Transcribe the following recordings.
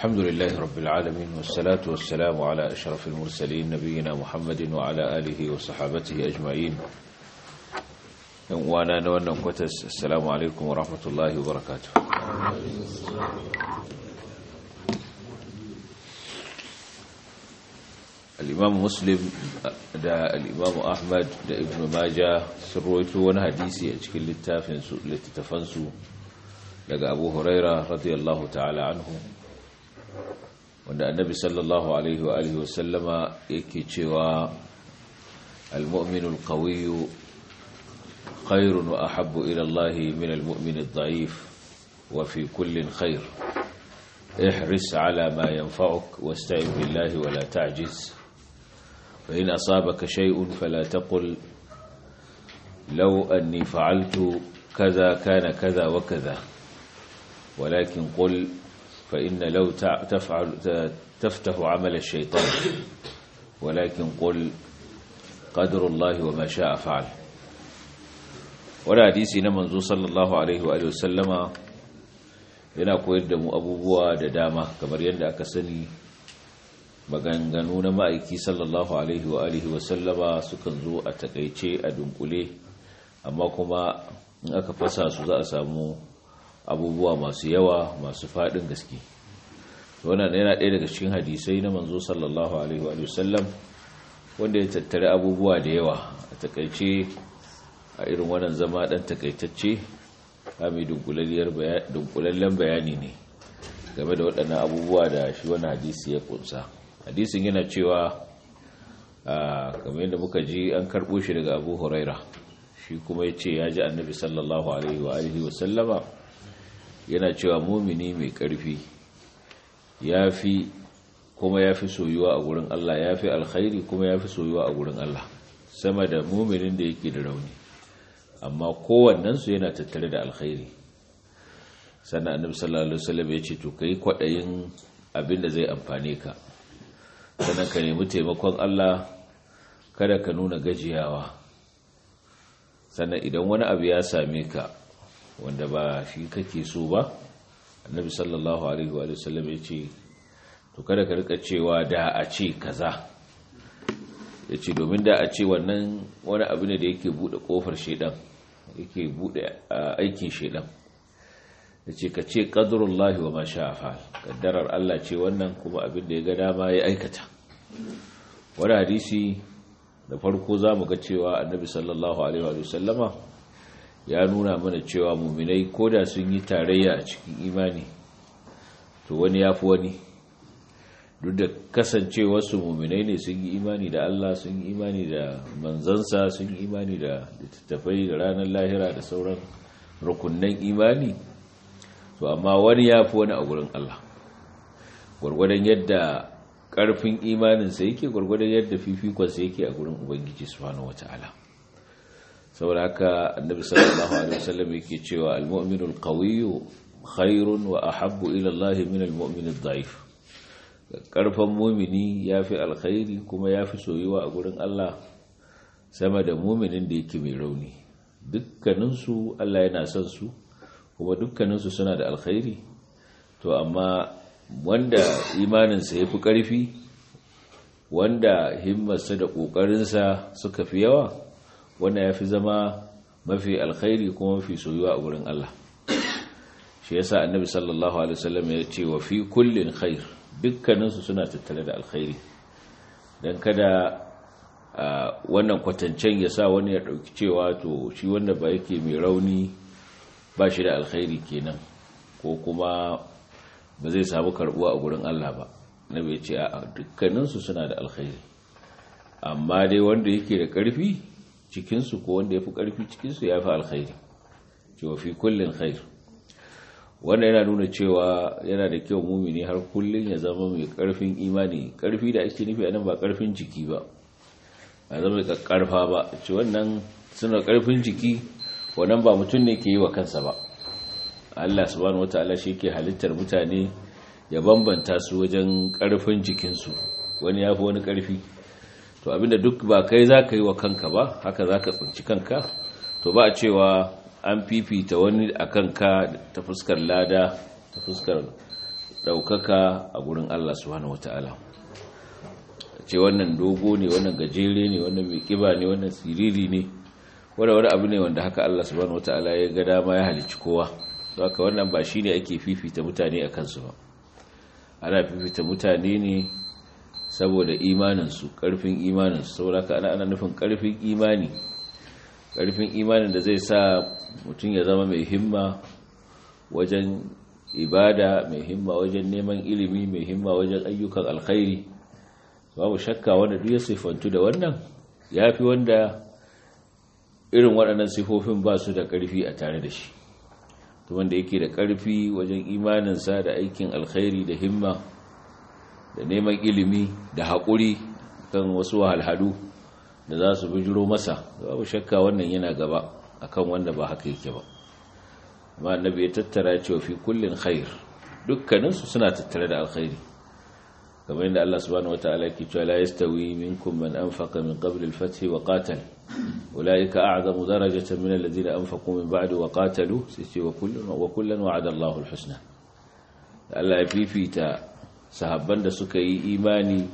الحمد لله رب العالمين والصلاة والسلام على أشرف المرسلين نبينا محمد وعلى آله وصحابته أجمعين وانا نوانا كتس السلام عليكم ورحمة الله وبركاته الإمام مسلم دا الإمام أحمد دا ابن ماجة سرويته وانا حديثي أجكل للتفنسو لتتفنسو لقى أبو هريرة رضي الله تعالى عنه wanda annabi sallallahu alaihi wa alihi wasallama yake cewa almu'minul qawiyyu khairun wa ahabbu ila Allah min almu'minid dha'if wa fi kullin khair ihris ala ma yanfa'uk wasta'in billahi wa la ta'jiz fa in asabaka shay'un fala taqul law anni fa'altu kaza kana kaza wa kaza walakin qul فإن لو تفعل تفتح عمل الشيطان ولكن قل قدر الله وما شاء فعل wani hadisi na manzo sallallahu alaihi wa sallama yana koyar da mu abubuwa da dama kamar yadda aka sani maganganu na ma'aiki sallallahu alaihi wa sallama sukan zo a takaice a dunkule amma kuma in aka fasa su za a samu abubuwa masu yawa masu faɗin gaske wannan yana ɗaya daga cikin hadisai na manzo sallallahu alaihi wa sallam wanda ya tattare abubuwa da yawa a takaice a irin wannan zama ɗan takaitacce kami dunkulallen bayani ne game da waɗannan abubuwa da shi wani hadisi ya kunsa hadisin yana cewa kamar yadda muka ji an karɓo shi daga abu huraira shi kuma ya ce ya ji annabi sallallahu alaihi wa alihi sallama yana cewa mumini mai ƙarfi ya fi kuma ya fi soyuwa a wurin Allah ya fi alkhairi kuma ya fi soyuwa a wurin Allah sama da muminin da yake da rauni amma kowannensu yana tattare da alkhairi sannan annabi sallallahu alaihi wasallam ya ce to kai kwadayin abin da zai amfane ka sannan ka nemi taimakon Allah kada ka nuna gajiyawa sannan idan wani abu ya same ka wanda ba shi kake so ba annabi sallallahu alaihi wa sallam ya ce to kada ka rika cewa da a ce kaza ya ce domin da a ce wannan wani abu ne da yake bude kofar shedan yake bude aikin shedan ya ce ka ce ƙadurullahi wa masha afal kaddarar Allah ce wannan kuma abin da ya ga dama ya aikata wani hadisi da farko za mu ga cewa annabi sallallahu alaihi wa sallama ya nuna mana cewa muminai ko da sun yi tarayya a cikin imani to wani ya fi wani duk da kasancewarsu muminai ne sun yi imani da Allah sun yi imani da manzansa sun yi imani da littattafai da ranar lahira da sauran rukunan imani to amma wani ya fi wani a gurin Allah gwargwadon yadda ƙarfin imaninsa yake gwargwadon yadda fifikonsa yake a gurin ubangiji subhanahu wata'ala saboda haka annabi sallallahu alaihi wasallam yake cewa al-mu'minu al-qawiyyu khairun wa ahabbu ila Allah min al-mu'min ad-da'if karfan mu'mini yafi alkhairi kuma yafi soyuwa a gurin Allah sama da mu'minin da yake mai rauni dukkanin su Allah yana son su kuma dukkanin su suna da alkhairi to amma wanda imaninsa ya fi ƙarfi wanda himmarsa da ƙoƙarinsa suka fi yawa wannan ya fi zama mafi alkhairi kuma mafi soyuwa a wurin Allah shi yasa annabi sallallahu alaihi wasallam ya ce wa fi kullin khair dukkaninsu suna tattare da alkhairi dan kada wannan kwatancen ya sa wani ya dauki cewa to shi wanda ba yake mai rauni ba shi da alkhairi kenan ko kuma ba zai samu karbuwa a gurin Allah ba nabi ya ce a dukkaninsu suna da alkhairi amma dai wanda yake da karfi cikinsu ko wanda ya fi ƙarfi cikinsu ya fi alkhairi wa fi kullin khairu wanda yana nuna cewa yana da kyau mumini har kullum ya zama mai ƙarfin imani ƙarfi da ake nufi a nan ba ƙarfin jiki ba a zama mai ƙarfa ba ce wannan suna ƙarfin jiki wannan ba mutum ne ke yi wa kansa ba allah subhanahu wataala shi ke halittar mutane ya bambanta su wajen ƙarfin jikinsu wani ya fi wani ƙarfi to abinda duk ba kai za ka yi wa kanka ba haka za ka tsinci kanka to ba a cewa an fifita wani a kanka ta fuskar lada ta fuskar ɗaukaka a gurin Allah subhanahu wata'ala ce wannan dogo ne wannan gajere ne wannan mai kiba ne wannan siriri ne wadda wani abu ne wanda haka Allah subhanahu wata'ala ya ga dama ya halicci kowa don haka wannan ba shi shine ake fifita mutane a kansu ba ana fifita mutane ne saboda imaninsu ƙarfin imaninsu sauraka ana ana nufin ƙarfin imani ƙarfin imanin da zai sa mutum ya zama mai himma wajen ibada mai himma wajen neman ilimi mai himma wajen ayyukan alkhairi babu shakka wanda duk ya sifantu da wannan ya fi wanda irin waɗannan sifofin ba su da ƙarfi a tare da shi wanda yake da ƙarfi wajen imaninsa da aikin alkhairi da himma da neman ilimi da haƙuri kan wasu wahalhalu da za su bijiro masa babu shakka wannan yana gaba akan wanda ba haka yake ba amma annabi ya tattara cewa fi kullin khair dukkaninsu suna tattare da alkhairi kamar yadda Allah subhanahu wataala yake cewa la yastawi minkum man anfaqa min qabl al-fath wa qatal ulaika a'zamu darajatan min alladhina anfaqu min ba'd wa qatalu sai wa kullun wa kullun wa'ada Allahu al-husna Allah ya fifita sahabban da suka yi imani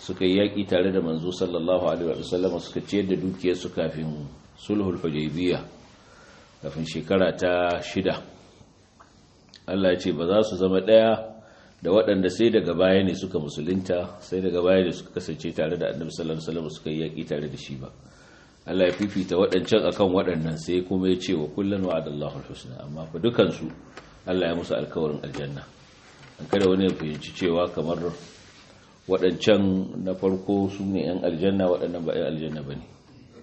suka yi yaƙi tare da manzo sallallahu alaihi wa sallam, suka ciyar da dukiyarsu kafin sulhul hudaybiyah kafin shekara ta shida Allah ya ce ba za su zama ɗaya da waɗanda sai daga baya ne suka musulunta sai daga baya ne suka kasance tare da annabi sallallahu alaihi wasallam suka yi yaƙi tare da shi ba Allah ya fifita waɗancan akan waɗannan sai kuma ya ce wa kullun wa'adallahu alhusna amma fa dukansu Allah ya musu alkawarin aljanna kada wani ya fahimci cewa kamar waɗancan na farko su ne 'yan aljanna waɗannan ba 'yan aljanna ba ne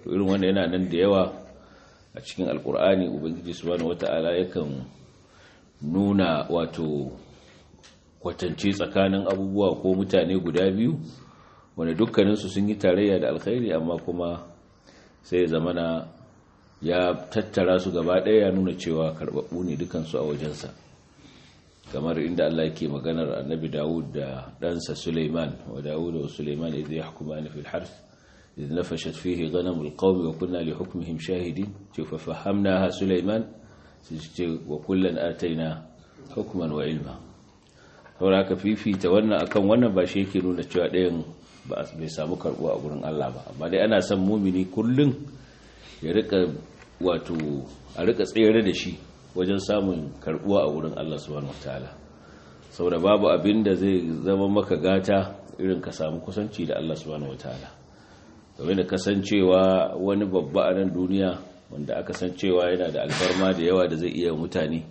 to irin wanda yana nan da yawa a cikin alkur'ani ubangiji su subhanahu wata'ala yakan nuna wato kwatance tsakanin abubuwa ko mutane guda biyu wanda dukkaninsu sun yi tarayya da alkhairi amma kuma sai zamana ya tattara su gaba ɗaya ya nuna cewa karɓaɓɓu ne dukansu a wajensa kamar inda Allah yake maganar annabi Dawud da ɗansa Suleiman wa Dawud wa Suleiman idh yahkumani fil harth idh nafashat fihi ghanamul qawmi wa kunna li hukmihim shahidin ce fa fahamnaha Suleiman ce wa kullan ataina hukman wa ilma saboda fifita wannan akan wannan ba shi yake nuna cewa ɗayan ba bai samu karbuwa a gurin Allah ba amma dai ana son mumini kullun ya rika wato a rika tsere da shi wajen samun karbuwa a wurin Allah subhanahu wataala saboda babu abin da zai zama maka gata irin ka samu kusanci da Allah subhanahu wataala domin da kasancewa wani babba a nan duniya wanda aka san cewa yana da alfarma da yawa da zai iya mutane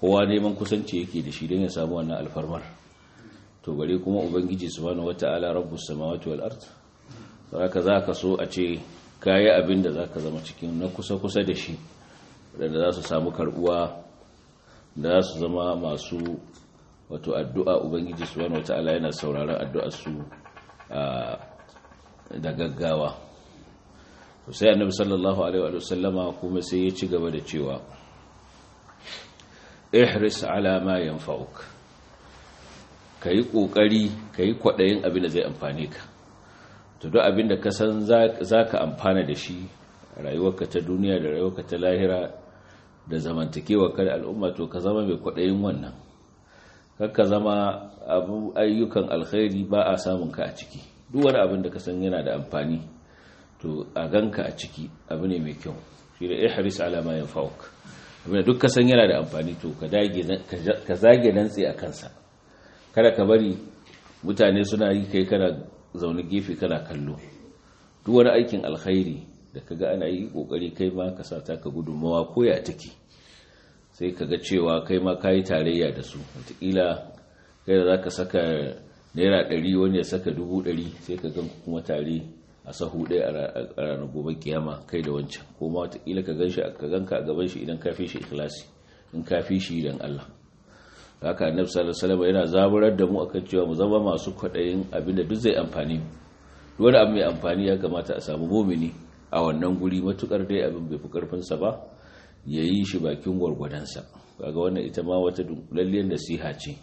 kowa neman kusanci yake da shi don ya samu wannan alfarmar to gari kuma ubangiji subhanahu wataala rabbus samawati wal ard saboda ka so a ce kayi abin da zaka zama cikin na kusa kusa da shi waɗanda za su samu karbuwa da za su zama masu wato addu'a ubangiji su wani wata yana sauraron addu'arsu da gaggawa sai annabi sallallahu alaihi wa sallama kuma sai ya ci gaba da cewa ihris ala ma yanfa'uk kayi kokari kayi kwaɗayin abin da zai amfane ka to duk abin da ka san ka amfana da shi rayuwarka ta duniya da rayuwarka ta lahira da zamantakewa kar al'umma to ka zama mai kwaɗayin wannan ka zama abu ayyukan alkhairi ba a samun ka a ciki duk wani abin da ka san yana da amfani to a ganka a ciki abu ne mai kyau shi da ihris ala ma yanfa'uk abin da duk ka san yana da amfani to ka dage ka zage a kansa kada ka bari mutane suna yi kai kana zaune gefe kana kallo duk wani aikin alkhairi da ka ga ana yi kokari kai ma ka sa taka gudunmawa koya take sai ka ga cewa kai ma ka yi tarayya da su watakila kai da za ka saka naira ɗari wani ya saka dubu ɗari sai ka gan kuma tare a sahu ɗaya a ranar gobe kiyama kai da wancan ko ma watakila ka gan ka ganka a gaban shi idan ka fi shi ikilasi in ka fi shi idan Allah haka annabi sallallahu alaihi wasallam yana zaburar da mu akan cewa mu zama masu kwaɗayin abinda da duk zai amfani mu wani abu mai amfani ya kamata a samu mumini a wannan guri matukar dai abin bai fi karfinsa ba ya yi shi bakin gwargwadonsa kaga wannan ita ma wata dunkulalliyar nasiha ce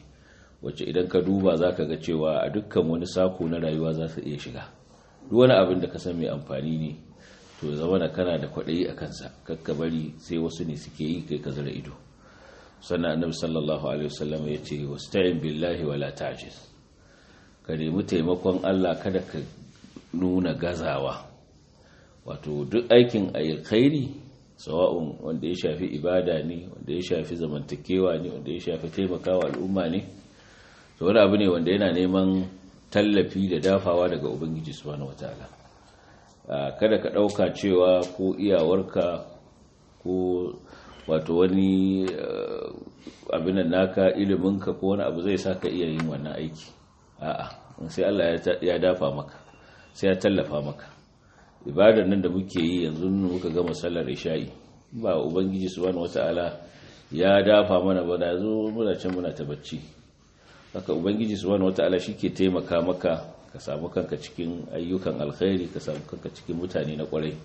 wacce idan ka duba za ka ga cewa a dukkan wani sako na rayuwa za su iya shiga duk wani abin da ka san mai amfani ne to zama na kana da kwaɗayi a kansa kakka bari sai wasu ne suke yi kai ka zara ido sannan annabi sallallahu alaihi wasallam ya ce wasta'in billahi wala ta'jiz ka nemi taimakon Allah kada ka nuna gazawa wato duk aikin alkhairi sawa'un wanda ya shafi ibada ne wanda ya shafi zamantakewa ne wanda ya shafi taimakawa al'umma ne to wani abu ne wanda yana neman tallafi da dafawa daga ubangiji subhanahu wataala kada ka dauka cewa ko iyawarka ko wato wani eh, abin nan naka iliminka ko wani abu zai sa ka iya yin wannan aiki a'a sai Allah ya dafa maka sai ya tallafa maka ibadar nan da muke yi yanzu muka gama sallar isha'i ba ubangiji subhanahu wata'ala ya dafa mana ba da zo muna can muna ta bacci haka ubangiji ala shi ke taimaka maka ka samu kanka cikin ayyukan alkhairi ka samu kanka cikin mutane na kwarai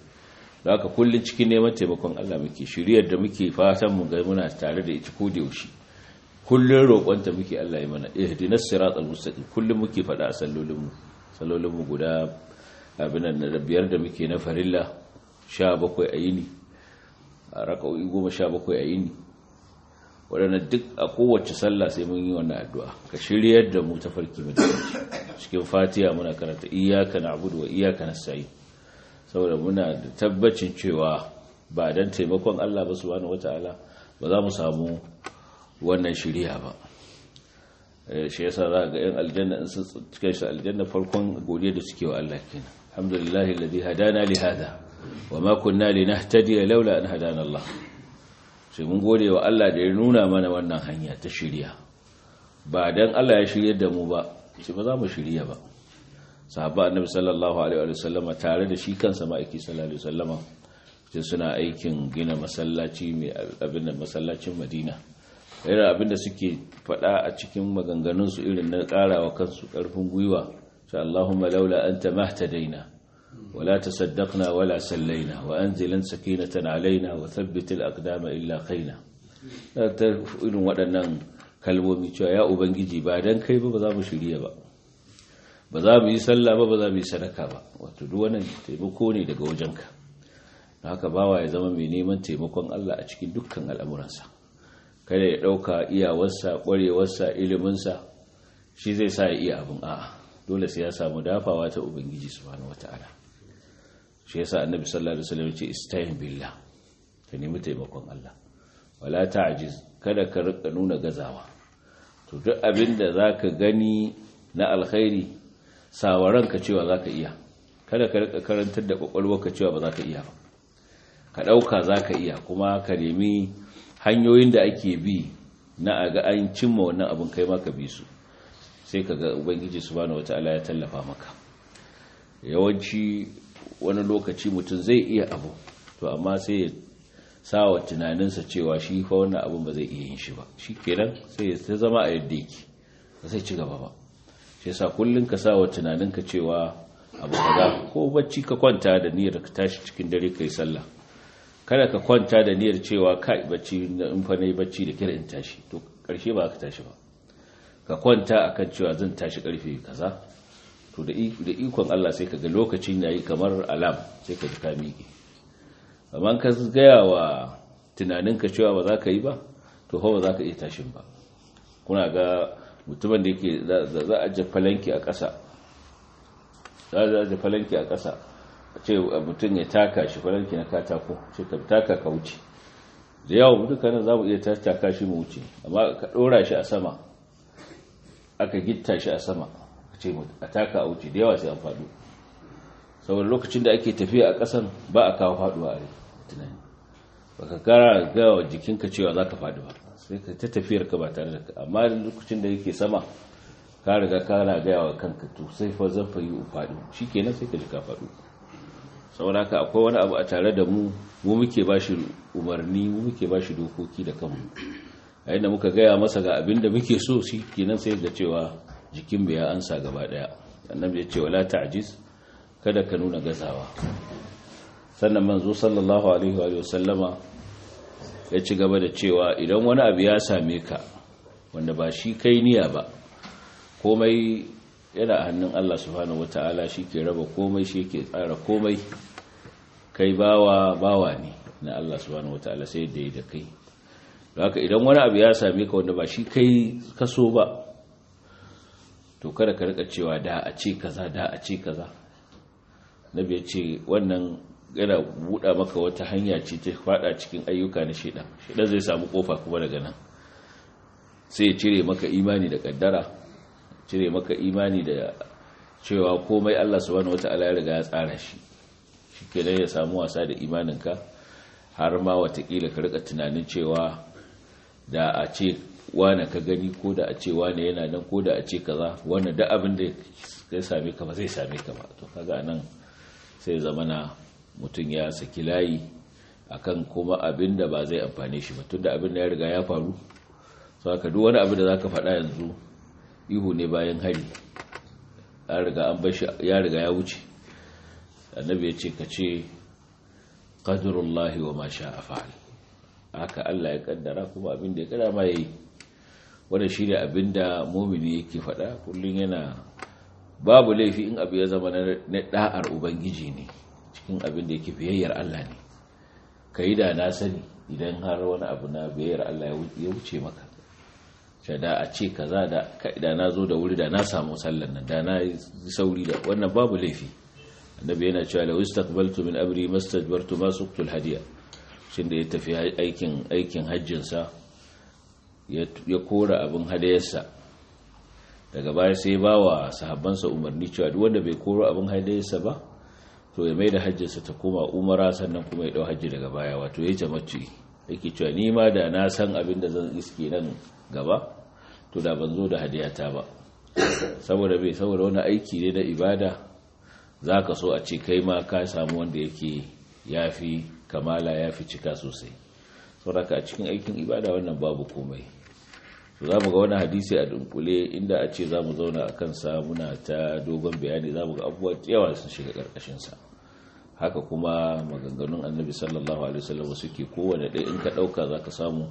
haka kullun cikin neman taimakon Allah muke shiriyar da muke fatan mu ga muna tare da ita ko da yaushe kullun roƙonta muke Allah ya mana ihdinas siratal mustaqim kullun muke faɗa a sallolin mu mu guda abinan da biyar da muke na farilla sha bakwai a yini a raka'o'i goma sha bakwai a yini waɗanda duk a kowace sallah sai mun yi wannan addu'a ka shiryar da mu ta farki cikin fatiya muna karanta iyaka na abudu wa iyaka na sayi saboda muna da tabbacin cewa ba don taimakon allah ba su wani wata'ala ba za mu samu wannan shirya ba eh, shi yasa za ga yan aljanna in sun cikin aljanna farkon godiya da suke wa allah kenan الحمد لله hadana هدانا لهذا وما كنا لنهتدي laula ان hadana Allah sai mun gode wa Allah da ya nuna mana wannan hanya ta shirya ba dan Allah ya shirya da mu ba shi ba za mu shirya ba sahaba annabi sallallahu alaihi wa sallama tare da shi kansa ma'aiki sallallahu alaihi wa sallama sai suna aikin gina masallaci mai abin da masallacin Madina irin abin da suke faɗa a cikin maganganunsu irin na karawa kansu karfin gwiwa فاللهم لولا أنت ما اهتدينا ولا تصدقنا ولا سلينا وأنزلا سكينة علينا وثبت الأقدام إلا خينا إن وأنا نعم كلمة يا أبنجي بعدا كيف بضام شريا با بضام يسلى با بضام يسنكا با وتدوانا تبكوني لقو جنكا هكا باوا يزمى مني من تبكوان الله أشكي دكا الأمراسا كلي روكا إيا وسا ولي وسا إلي منسا شيزي ساي إيا أبن آه dole sai ya samu dafawa ta ubangiji subhanahu wata'ala shi yasa annabi sallallahu alaihi wasallam ce ista'in billah ka nemi taimakon Allah wala ta'jiz kada ka rika nuna gazawa to duk abinda zaka gani na alkhairi sawaran ka cewa zaka iya kada ka rika karantar da ka cewa ba zaka iya ba ka dauka zaka iya kuma ka nemi hanyoyin da ake bi na aga an cimma wannan abin kai ma ka bi su sai ka ga ubangiji wata ala ya tallafa maka yawanci wani lokaci mutum zai iya abu to amma sai ya sa wa tunaninsa cewa shi fa wannan abin ba zai iya yin shi ba shi kenan sai ya zama a yadda yake ba sai ci gaba ba shi yasa kullum ka sa wa tunaninka cewa abu kaza ko bacci ka kwanta da niyyar ka tashi cikin dare kai sallah kada ka kwanta da niyyar cewa kai bacci in fa nayi bacci da kira in tashi to karshe ba ka tashi ba ka kwanta a kan cewa zan tashi karfe kaza to da ikon Allah sai ka ga na yi kamar alam sai ka ji ka amma ka gaya wa tunaninka cewa ba za ka yi ba to ba za ka iya tashin ba kuna ga mutumin da yake za a jafalanki a ƙasa za a jafalanki a ƙasa ce mutum ya taka shi falanki na katako ce ka taka ka wuce da yawan dukkanin za mu iya taka shi mu wuce amma ka ɗora shi a sama aka gitta shi a sama ce a taka a wuce da yawa sai an fadu saboda lokacin da ake tafiya a kasan, ba a kawo faduwa a tunani ba ka kara gawa jikinka cewa za ka faɗi ba sai ka ta tafiyar ka ba tare da amma lokacin da yake sama ka riga kara gaya wa kanka to sai fa zan fa yi fadu shi kenan sai ka ji ka saboda haka akwai wani abu a tare da mu mu muke ba umarni mu muke ba shi dokoki da kanmu a yadda muka gaya masa ga abin da muke so shi nan sai da cewa jikin bai ya ansa gaba daya annabi ya ce wala ta'jiz kada ka nuna gazawa sannan manzo sallallahu alaihi wa sallama ya ci gaba da cewa idan wani abu ya same ka wanda ba shi kai niyya ba komai yana a hannun Allah subhanahu wataala shi raba komai shi tsara komai kai bawa bawa ne na Allah subhanahu wataala sai da kai haka idan wani abu ya same ka wanda ba shi kai kaso ba to kada ka rika cewa da a ce kaza da a ce kaza nabi ya ce wannan yana buɗa maka wata hanya ce ta faɗa cikin ayyuka na shaidan shaidan zai samu kofa kuma daga nan sai ya cire maka imani da kaddara cire maka imani da cewa komai Allah subhanahu wata ya riga ya tsara shi shi shikenan ya samu wasa da imaninka har ma watakila ka rika tunanin cewa da a ce wane ka gani ko da a ce wane yana nan ko da a ce kaza wane da abin da ya same ka ba zai same ka ba to kaga nan sai zamana mutum ya saki layi akan kuma abin da ba zai amfane shi ba tunda abin da ya riga ya faru so haka duk wani abin da za ka faɗa yanzu ihu ne bayan hari ya riga an shi ya riga ya wuce annabi ya ce ka ce qadrullahi wa ma sha'a fa'al haka Allah ya kaddara kuma abin da ya kada ma yayi wannan shine abin da mumini yake faɗa kullun yana babu laifi in abu ya zama na da'ar ubangiji ne cikin abin da yake biyayyar Allah ne kai da na sani idan har wani abu na biyayyar Allah ya wuce maka ta da a ce kaza da da na zo da wuri da na samu sallan nan da na yi sauri da wannan babu laifi annabi yana cewa la ustaqbaltu min abri mastajbartu ma suqtu al hadiya shin da ya tafi aikin aikin hajjinsa ya kora abin hadayarsa daga baya sai ba wa sahabbansa umarni cewa duk wanda bai koro abin hadayarsa ba to ya mai da hajjinsa ta koma umara sannan kuma ya dau hajji daga baya wato ya jama'ci yake cewa ni ma da na san abin da zan iske nan gaba to da ban zo da hadayata ba saboda bai saboda wani aiki ne na ibada za ka so a ce kai ma ka samu wanda yake yafi fi kamala ya fi cika sosai sauraka a cikin aikin ibada wannan babu komai su za mu ga wani hadisi a dunkule inda a ce za mu zauna a kan samuna ta dogon bayani za mu ga abubuwa yawa sun shiga karkashinsa haka kuma maganganun annabi sallallahu alaihi wasallam suke kowane ɗaya in ka ɗauka za ka samu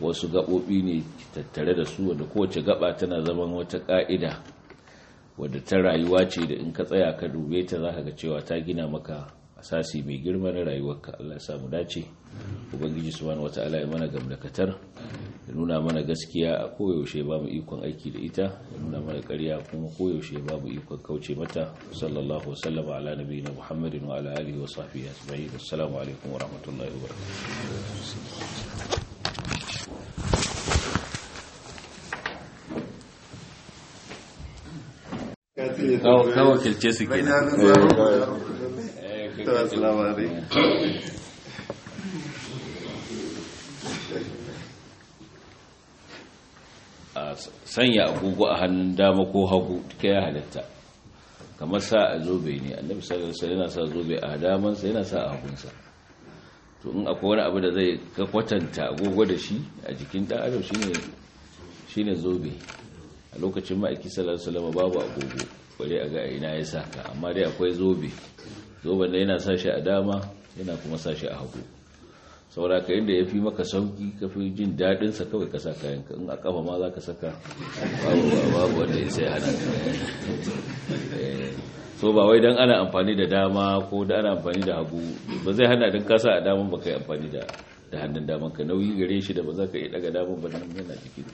wasu gaɓoɓi ne tattare da su wanda kowace gaɓa tana zaman wata ƙa'ida wadda ta rayuwa ce da in ka tsaya ka dube ta za ka ga cewa ta gina maka asasi mai girma na rayuwarka Allah ya samu dace ubangiji subhanahu wataala ya mana gamdakatar ya nuna mana gaskiya a koyaushe babu ikon aiki da ita ya nuna mana ƙarya kuma koyaushe babu ikon kauce mata sallallahu wasallama ala nabiyina muhammadin wa ala alihi wa sahbihi ajma'in assalamu alaikum wa rahmatullahi wa barakatuh Kawo wakilce su kenan. a sanya agogo a hannun dama ko hagu duka ya halatta kamar sa a zobe ne annabi sa yana sa zobe a damansa yana sa a hagunsa to in akwai wani abu da zai ka kwatanta agogo da shi a jikin dan adam shine zobe a lokacin ma'aiki sallallahu babu agogo bare a ga ina ya saka amma dai akwai zobe zoben wanda yana sashi a dama yana kuma sashi a hagu saura ka yadda ya fi maka sauki ka fi jin daɗinsa sa kawai ka sa kayan ka in a kafa ma za ka saka babu wanda ya sai ana eh, so ba wai don ana amfani da dama ko da ana amfani da hagu ba zai hana don kasa a daman ba ka yi amfani da hannun daman ka nauyi gare shi da ba za ka iya daga daman ba nan yana jikin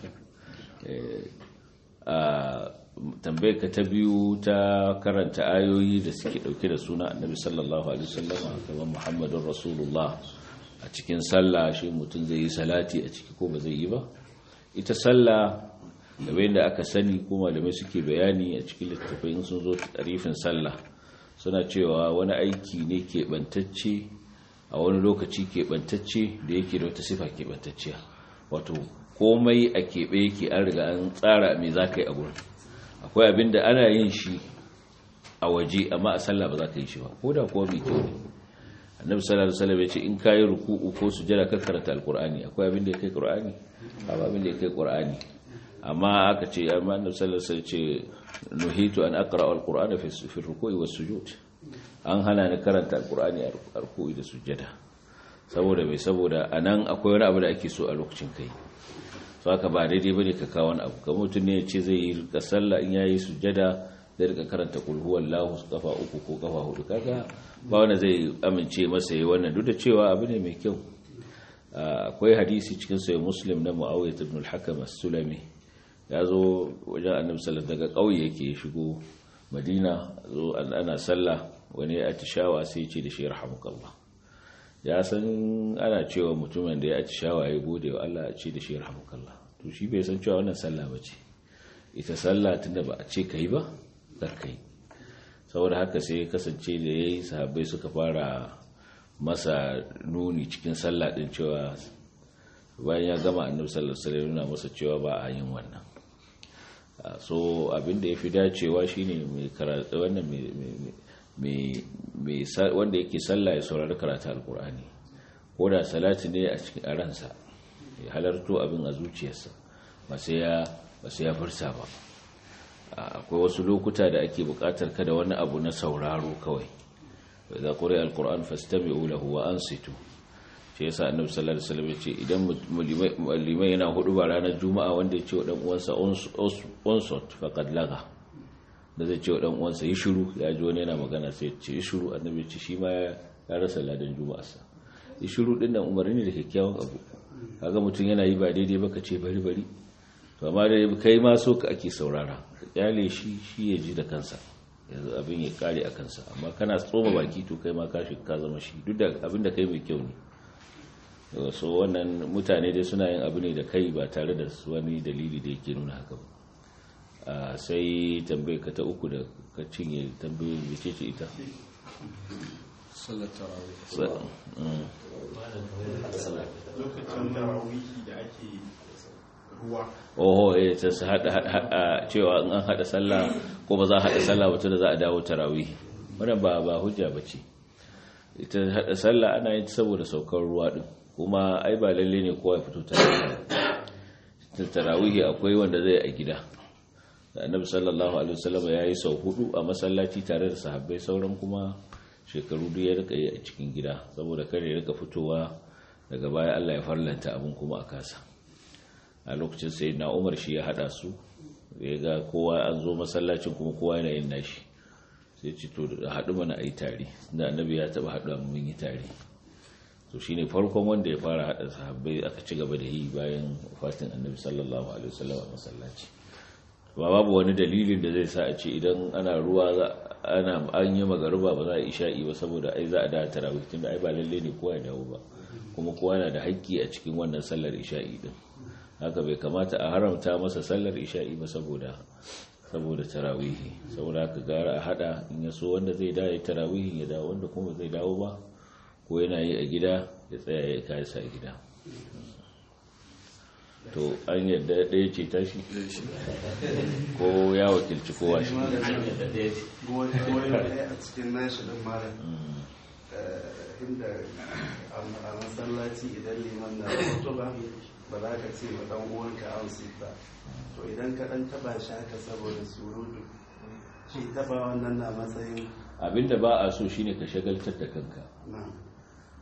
tambayar ka ta biyu ta karanta ayoyi da suke dauke da suna annabi sallallahu alaihi wasallam kamar muhammadun rasulullah a cikin sallah shi mutum zai yi salati a ciki ko ba zai yi ba ita sallah da da aka sani ko malamai suke bayani a cikin littattafai sun zo ta tarifin sallah suna cewa wani aiki ne ke bantacce a wani lokaci ke bantacce da yake da wata sifa bantacciya wato komai a keɓe yake an riga an tsara mai za ka yi a gurin akwai abin da ana yin shi a waje amma a sallah ba za ka yi shi ba ko da kuwa mai kyau ne annabi sallallahu alaihi wasallam ya ce in kai ruku'u ko sujada ka karanta alqur'ani akwai abin da yake qur'ani ba abin da yake qur'ani amma aka ce amma annabi sallallahu alaihi wasallam ya ce nuhitu an aqra alqur'ana fi fi ruku'i was sujud an hana ni karanta alqur'ani a ruku'i da sujada saboda mai saboda anan akwai wani abu da ake so a lokacin kai faka ba daidai bane ka kawo wani abu kamar mutum ne ya ce zai yi ka sallah in yayi sujjada zai rika karanta kulhuwan lahus kafa uku ko kafa hudu kaga ba wanda zai amince masa yayi wannan duk da cewa abu ne mai kyau akwai hadisi cikin sahih muslim na muawiyah ibn al-hakam as-sulami ya zo wajen annabi sallallahu daga kauye yake shigo madina zo ana sallah wani ya atishawa sai ya ce da shi rahmukallah ya san ana cewa mutumin da ya ci shawaye gode wa Allah a ci da shi rahmukalla to shi bai san cewa wannan sallah ce ita sallah da ba a ce kai ba kar kai saboda haka sai kasance da ya yi sahabbai suka fara masa nuni cikin sallah din cewa bayan ya gama annabi sallallahu alaihi wasallam yana masa cewa ba a yin wannan so abin da ya fi dacewa shine mai karatu wannan wanda yake sallah ya saurari karatu alkur'ani ko da salati ne a cikin ransa ya halarto abin a zuciyarsa ba sai ya furta ba akwai wasu lokuta da ake bukatar kada wani abu na sauraro kawai da kuri alkur'an fastami'u lahu wa ansitu shi yasa annabi sallallahu alaihi wasallam ce idan mulimai yana hudu ba ranar juma'a wanda ya ce wa dan uwansa unsut faqad laga da zai ce wa uwansa yi shiru ya ji wani yana magana sai ce yi shiru annabi ce shi ma ya rasa ladan juma'arsa yi shiru din nan umarni da kyakkyawan abu kaga mutum yana yi ba daidai ba ka ce bari bari to amma da kai ma so ka ake saurara kyale shi shi ya ji da kansa yanzu abin ya kare a kansa amma kana tsoma baki to kai ma ka shi ka zama shi duk da abin da kai mai kyau ne so wannan mutane dai suna yin abu ne da kai ba tare da wani dalili da yake nuna haka ba sai tambayi ka ta uku da ka cinye tambayi da ce ce ita mm. oho eh ta su hada hada cewa in an hada sallah ko ba za a hada sallah ba da za a dawo tarawi wannan ba ba hujja ce ita hada sallah ana yin saboda saukar ruwa din kuma ai ba lalle ne kowa ya fito tarawih tarawih akwai wanda zai a gida annabi sallallahu alaihi wasallam ya yi sau hudu a masallaci tare da sahabbai sauran kuma shekaru duk ya rika yi a cikin gida saboda kar ya rika fitowa daga baya Allah ya farlanta abin kuma a kasa a lokacin sai na Umar shi ya hada su ya ga kowa an zo masallacin kuma kowa yana yin nashi sai ce to da haɗu mana a yi tare da annabi ya taɓa haɗu mun yi tare to shine farkon wanda ya fara hada sahabbai aka ci gaba da yi bayan fatin annabi sallallahu alaihi wasallam a masallaci ba babu wani dalilin da zai sa a ce idan ana ruwa ana an yi magaruba ba za a isha'i ba saboda ai za a da tarawih tun da ai ba lalle ne kowa ya dawo ba kuma kowa na da haƙƙi a cikin wannan sallar isha'i din haka bai kamata a haramta masa sallar isha'i ba saboda saboda tarawihi saboda ka gara a hada in ya so wanda zai dawo tarawihi ya dawo wanda kuma zai dawo ba ko yana yi a gida ya tsaya ya kai sa a gida to an yadda ɗaya ce tashi ko ya wakilci kowa shi eh, inda a masallaci idan liman na ba ba za ka ce wa ɗan uwanka ausi ba to idan ka ɗan taɓa shi haka saboda surutu shi taɓa wannan na matsayin abinda ba a so shine ka shagaltar da kanka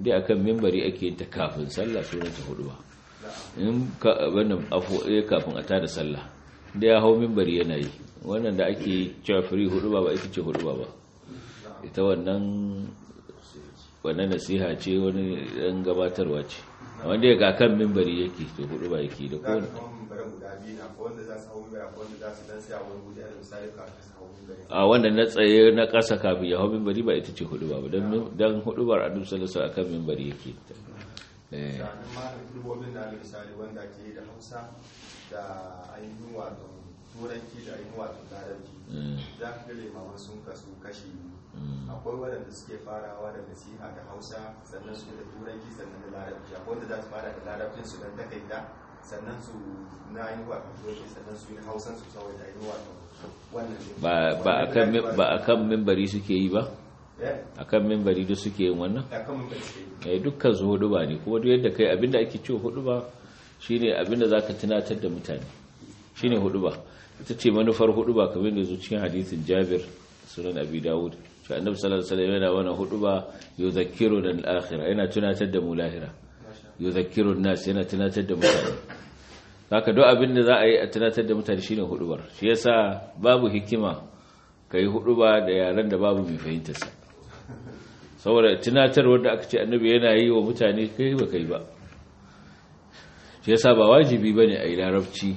dai akan mimbari ake yin ta kafin sallah sunan ta hudu ba in ka wannan afo eh kafin a tada sallah da ya hau mimbari yana yi wannan da ake cewa free hudu ba ba ita ce hudu ba ita wannan wannan nasiha ce wani dan gabatarwa ce wanda ya ga kan mimbari yake to hudu ba yake da ko a wanda na tsaye na kasa kafin ya hau mimbari ba ita ce hudu ba hudu ba annabi sallallahu alaihi akan mimbari yake eh da misali wanda ke da Hausa da da eh. hmm. akwai waɗanda suke farawa da nasiha da hausa sannan su da turanci sannan da larabci akwai wanda za su fara da larabcin su dan takaita sannan su na yi sannan su yi su da yi wannan ba a kan mimbari suke yi ba eh? a kan mimbari da suke yin wannan eh, dukkan su hudu ba ne kuma duk yadda kai abinda ake ce hudu ba ne abinda za ka tunatar da mutane ne hudu ba ita ce manufar hudu ba kamar da zuciyar hadithin jabir sunan abi dawud shi annabi sallallahu alaihi wasallam yana wannan hudu ba zakiro da al'akhira yana tunatar da mu lahira yuzakkiru nas yana tunatar da mutane haka duk abin da za a yi a tunatar da mutane shine hudubar shi yasa babu hikima kai huduba da yaran da babu mai fahimtar sa saboda tunatar wanda aka ce annabi yana yi wa mutane kai ba kai ba shi yasa ba wajibi bane a yi larabci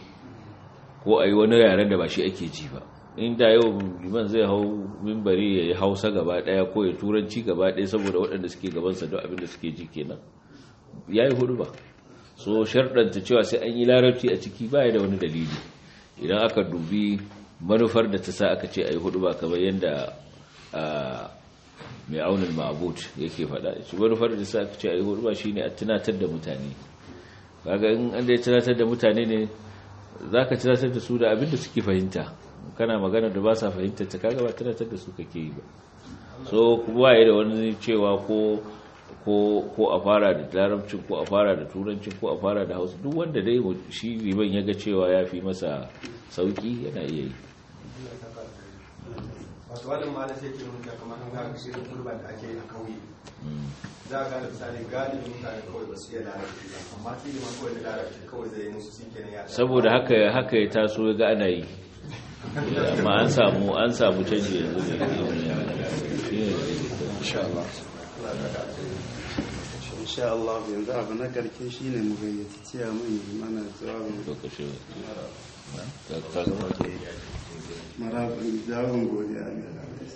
ko a yi wani yaren da ba shi ake ji ba in da yau liman zai hau mimbari ya yi hausa gaba daya ko ya turanci gaba daya saboda waɗanda suke gabansa don abin da suke ji kenan ya yi hudu ba so sharɗanta cewa sai an yi larabci a ciki ba da wani dalili idan aka dubi manufar da ta sa aka ce a yi hudu ba kamar yadda mai aunin ma'abut yake faɗa shi manufar da ta sa aka ce a yi hudu ba shi ne a tunatar da mutane kaga in an dai tunatar da mutane ne za ka tunatar da su da abin da suke fahimta kana magana da ba sa fahimta ta kaga ba tunatar da su kake yi ba so kuma ya da wani cewa ko ko a fara da larabcin ko a fara da turancin ko a fara da hausa duk wanda dai shi liman ya ga cewa ya fi masa sauki yana iya yi wasu wadda malar sai ke nuna kamar an gaga shirin turban da ake yi a kauye hmm. za a gane misali mun mutane kawai ba su yi larabci amma su yi man kawai da larabci kawai zai musu su ke ya saboda haka haka ya taso ya ga ana yi amma an samu an samu canji yanzu da ya yi insha Allah شاء الله في ذا ربنا كان كل شيء نمغي تتيا من يمانا زواب مرحبا مرحبا مرحبا مرحبا مرحبا